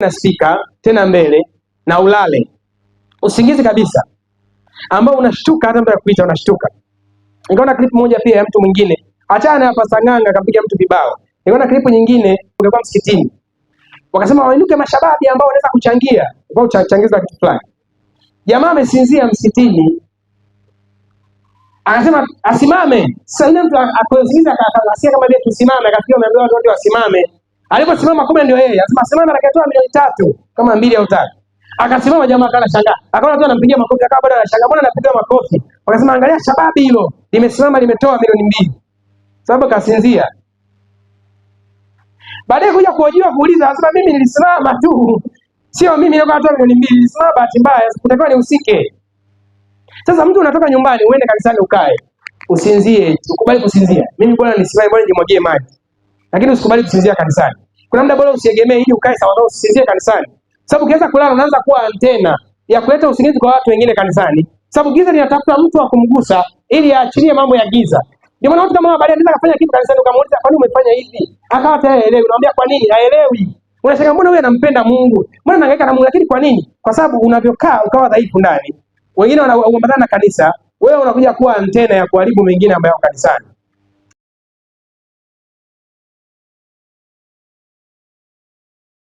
na spika tena mbele na ulale usingizi kabisa, ambao unashtuka hata mtu akuita unashtuka. Nikaona clip moja pia ya mtu mwingine, achana hapa, Sang'anga akampiga mtu vibao. Nikaona clip nyingine, ungekuwa msikitini, wakasema wainuke mashababi ambao wanaweza kuchangia kwa kuchangiza kitu fulani. Jamaa amesinzia msikitini, akasema asimame. Sasa yule mtu akasinzia, akakasikia kama vile tusimame, akafikia ameambiwa watu wote wasimame Aliposimama kumbe ndio yeye. Anasema na akatoa milioni tatu kama mbili au tatu. Akasimama jamaa kana shanga. Akaona tu anampigia makofi akawa bado anashangaa mbona anapiga makofi. Wakasema angalia shababi hilo limesimama limetoa milioni mbili. Sababu kasinzia. Baadaye kuja kuojiwa kuuliza anasema mimi nilisimama tu. Sio mimi nilikuwa natoa milioni mbili. Nilisimama bahati mbaya kutakiwa nihusike. Sasa mtu unatoka nyumbani uende kanisani ukae. Usinzie, ukubali kusinzia. Mimi bwana nisimame bwana nijimwagie maji. Lakini usikubali kusinzia kanisani. Kuna muda bora usiegemee ili ukae sawa nao usisinzie kanisani. Sababu ukianza kulala unaanza kuwa antena ya kuleta usingizi kwa watu wengine kanisani. Sababu giza linatafuta mtu wa kumgusa ili aachilie mambo ya giza. Ndio maana watu kama baadaye anaweza kufanya kitu kanisani ukamuuliza kwa nini umefanya hivi? Akawa tayari haelewi. Unamwambia kwa nini? Haelewi. Unashangaa mbona huyu anampenda Mungu? Mbona anahangaika na Mungu lakini kwa nini? Kwa sababu unavyokaa ukawa dhaifu ndani. Wengine wanaambatana na kanisa, wewe unakuja kuwa antena ya kuharibu mengine ambayo kanisani.